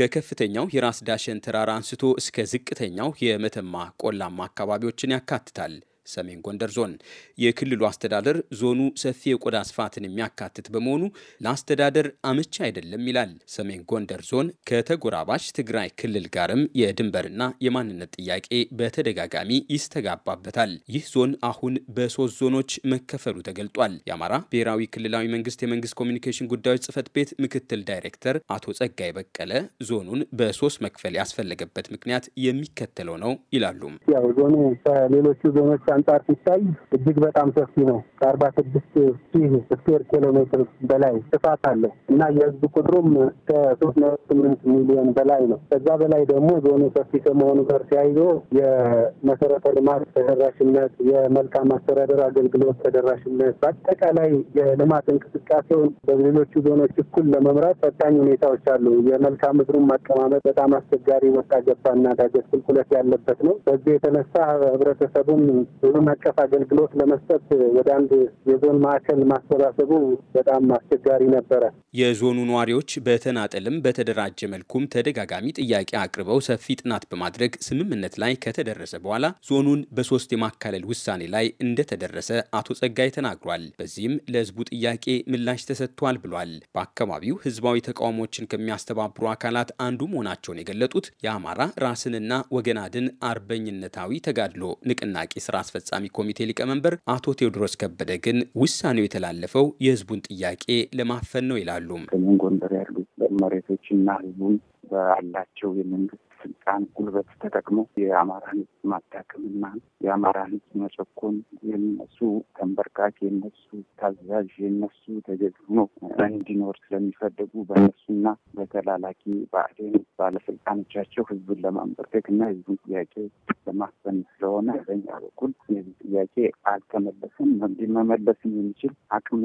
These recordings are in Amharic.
ከከፍተኛው የራስ ዳሸን ተራራ አንስቶ እስከ ዝቅተኛው የመተማ ቆላማ አካባቢዎችን ያካትታል። ሰሜን ጎንደር ዞን። የክልሉ አስተዳደር ዞኑ ሰፊ የቆዳ ስፋትን የሚያካትት በመሆኑ ለአስተዳደር አመቺ አይደለም ይላል። ሰሜን ጎንደር ዞን ከተጎራባች ትግራይ ክልል ጋርም የድንበርና የማንነት ጥያቄ በተደጋጋሚ ይስተጋባበታል። ይህ ዞን አሁን በሶስት ዞኖች መከፈሉ ተገልጧል። የአማራ ብሔራዊ ክልላዊ መንግስት የመንግስት ኮሚኒኬሽን ጉዳዮች ጽህፈት ቤት ምክትል ዳይሬክተር አቶ ጸጋይ በቀለ ዞኑን በሶስት መክፈል ያስፈለገበት ምክንያት የሚከተለው ነው ይላሉ። ያው ዞኑ ከሌሎቹ ዞኖች አንጻር ሲታይ እጅግ በጣም ሰፊ ነው። ከአርባ ስድስት ሺህ ስኩዌር ኪሎ ሜትር በላይ ስፋት አለው እና የህዝብ ቁጥሩም ከሶስት ነጥብ ስምንት ሚሊዮን በላይ ነው። ከዛ በላይ ደግሞ ዞኑ ሰፊ ከመሆኑ ጋር ተያይዞ የመሰረተ ልማት ተደራሽነት፣ የመልካም አስተዳደር አገልግሎት ተደራሽነት፣ በአጠቃላይ የልማት እንቅስቃሴውን በሌሎቹ ዞኖች እኩል ለመምራት ፈታኝ ሁኔታዎች አሉ። የመልካም ምድሩን ማቀማመጥ በጣም አስቸጋሪ ወጣ ገባና ዳገት ቁልቁለት ያለበት ነው። በዚህ የተነሳ ህብረተሰቡም ሁሉም አቀፍ አገልግሎት ለመስጠት ወደ አንድ የዞን ማዕከል ማሰባሰቡ በጣም አስቸጋሪ ነበረ። የዞኑ ነዋሪዎች በተናጠልም በተደራጀ መልኩም ተደጋጋሚ ጥያቄ አቅርበው ሰፊ ጥናት በማድረግ ስምምነት ላይ ከተደረሰ በኋላ ዞኑን በሶስት የማካለል ውሳኔ ላይ እንደተደረሰ አቶ ጸጋይ ተናግሯል። በዚህም ለህዝቡ ጥያቄ ምላሽ ተሰጥቷል ብሏል። በአካባቢው ህዝባዊ ተቃውሞችን ከሚያስተባብሩ አካላት አንዱ መሆናቸውን የገለጡት የአማራ ራስንና ወገናድን አርበኝነታዊ ተጋድሎ ንቅናቄ ስራ አስፈ አስፈጻሚ ኮሚቴ ሊቀመንበር አቶ ቴዎድሮስ ከበደ ግን ውሳኔው የተላለፈው የህዝቡን ጥያቄ ለማፈን ነው ይላሉ። ሰሜን ጎንደር ያሉ መሬቶችና ህዝቡን በአላቸው የመንግስት የስልጣን ጉልበት ተጠቅሞ የአማራ ህዝብ ማዳከምና የአማራ ህዝብ መጨኮን የነሱ ተንበርካክ የነሱ ታዛዥ የነሱ ተገዝኖ እንዲኖር ስለሚፈልጉ በእነሱና በተላላኪ ብአዴን ባለስልጣኖቻቸው ህዝቡን ለማንበርከክ እና ህዝቡን ጥያቄ ለማፈን ስለሆነ በኛ በኩል የዚህ ጥያቄ አልተመለሰም። መመለስም የሚችል አቅም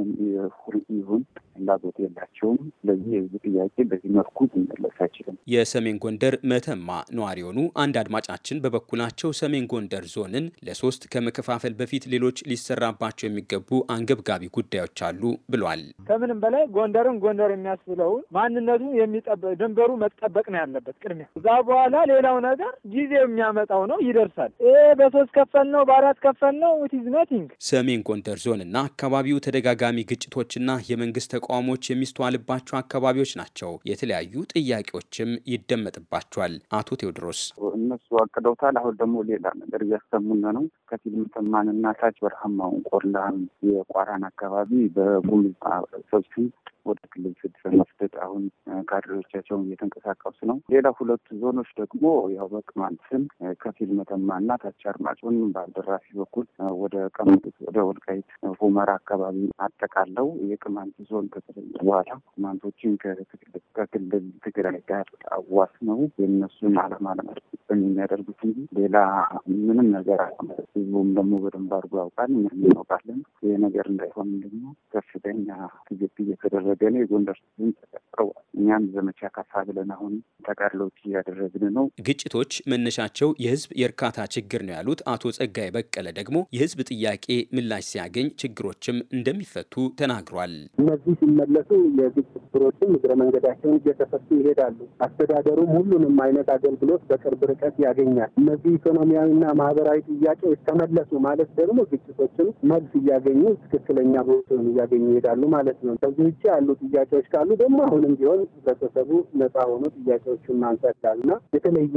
ይሁን ፍላጎት የላቸውም። ስለዚህ የሕዝብ ጥያቄ በዚህ መልኩ ሊመለስ አይችልም። የሰሜን ጎንደር መተማ ነዋሪ የሆኑ አንድ አድማጫችን በበኩላቸው ሰሜን ጎንደር ዞንን ለሶስት ከመከፋፈል በፊት ሌሎች ሊሰራባቸው የሚገቡ አንገብጋቢ ጉዳዮች አሉ ብሏል። ከምንም በላይ ጎንደርን ጎንደር የሚያስብለውን ማንነቱ የሚጠበቅ ድንበሩ መጠበቅ ነው ያለበት ቅድሚያ። እዛ በኋላ ሌላው ነገር ጊዜ የሚያመጣው ነው ይደርሳል። ይሄ በሶስት ከፈል ነው በአራት ከፈል ነው ኢትዝ ናቲንግ። ሰሜን ጎንደር ዞንና አካባቢው ተደጋጋሚ ግጭቶችና የመንግስት ተቃውሞች የሚስተዋልባቸው አካባቢዎች ናቸው። የተለያዩ ጥያቄዎችም ይደመጥባቸዋል። አቶ ቴዎድሮስ እነሱ አቅደውታል። አሁን ደግሞ ሌላ ነገር እያሰሙን ነው። ከፊል ምትማንና ታች በረሃማውን ቆላን የቋራን አካባቢ በጉምዝ ሰብሲን ወደ ክልል ስድስት መስደድ አሁን ካድሬዎቻቸውን እየተንቀሳቀሱ ነው። ሌላ ሁለቱ ዞኖች ደግሞ ያው በቅማንት ስም ከፊል መተማና ታች አርማጭሆን ባልደራፊ በኩል ወደ ቀምጡት ወደ ወልቃይት ሁመራ አካባቢ አጠቃለው የቅማንት ዞን ከተለየ በኋላ ቅማንቶችን ከክልል ትግራይ ጋር አዋስ ነው የእነሱን ዓላማ ለማስፈጸም የሚያደርጉት እንጂ ሌላ ምንም ነገር አቁመ ህዝቡም ደግሞ በደንብ አድርጎ ያውቃል፣ እኛም እናውቃለን። ይህ ነገር እንዳይሆን ደግሞ ከፍተኛ ትግል እየተደረገ ነው። የጎንደር ህዝብም ተጠቅረዋል። እኛም ዘመቻ ከፋ ብለን አሁን ተቃድሎች እያደረግን ነው። ግጭቶች መነሻቸው የህዝብ የእርካታ ችግር ነው ያሉት አቶ ጸጋይ በቀለ ደግሞ የህዝብ ጥያቄ ምላሽ ሲያገኝ ችግሮችም እንደሚፈቱ ተናግሯል። እነዚህ ሲመለሱ የግጭት ችግሮችም እግረ መንገዳቸውን እየተፈቱ ይሄዳሉ። አስተዳደሩም ሁሉንም አይነት አገ አገልግሎት በቅርብ ርቀት ያገኛል። እነዚህ ኢኮኖሚያዊና ማህበራዊ ጥያቄዎች ተመለሱ ማለት ደግሞ ግጭቶችን መልስ እያገኙ ትክክለኛ ቦታውን እያገኙ ይሄዳሉ ማለት ነው። ከዚህ ውጭ ያሉ ጥያቄዎች ካሉ ደግሞ አሁንም ቢሆን ህብረተሰቡ ነጻ ሆኖ ጥያቄዎቹን ማንሳታል እና የተለየ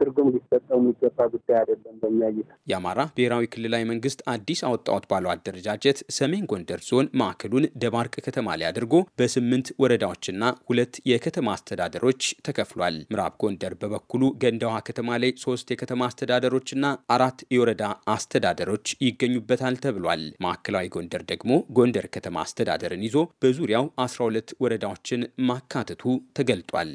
ትርጉም ሊሰጠው የሚገባ ጉዳይ አይደለም። በእኛ እይታ የአማራ ብሔራዊ ክልላዊ መንግስት አዲስ አወጣሁት ባለው አደረጃጀት ሰሜን ጎንደር ዞን ማዕከሉን ደባርቅ ከተማ ላይ አድርጎ በስምንት ወረዳዎችና ሁለት የከተማ አስተዳደሮች ተከፍሏል። ምዕራብ ጎንደር በበ በበኩሉ ገንዳ ውሃ ከተማ ላይ ሶስት የከተማ አስተዳደሮችና አራት የወረዳ አስተዳደሮች ይገኙበታል ተብሏል። ማዕከላዊ ጎንደር ደግሞ ጎንደር ከተማ አስተዳደርን ይዞ በዙሪያው 12 ወረዳዎችን ማካተቱ ተገልጧል።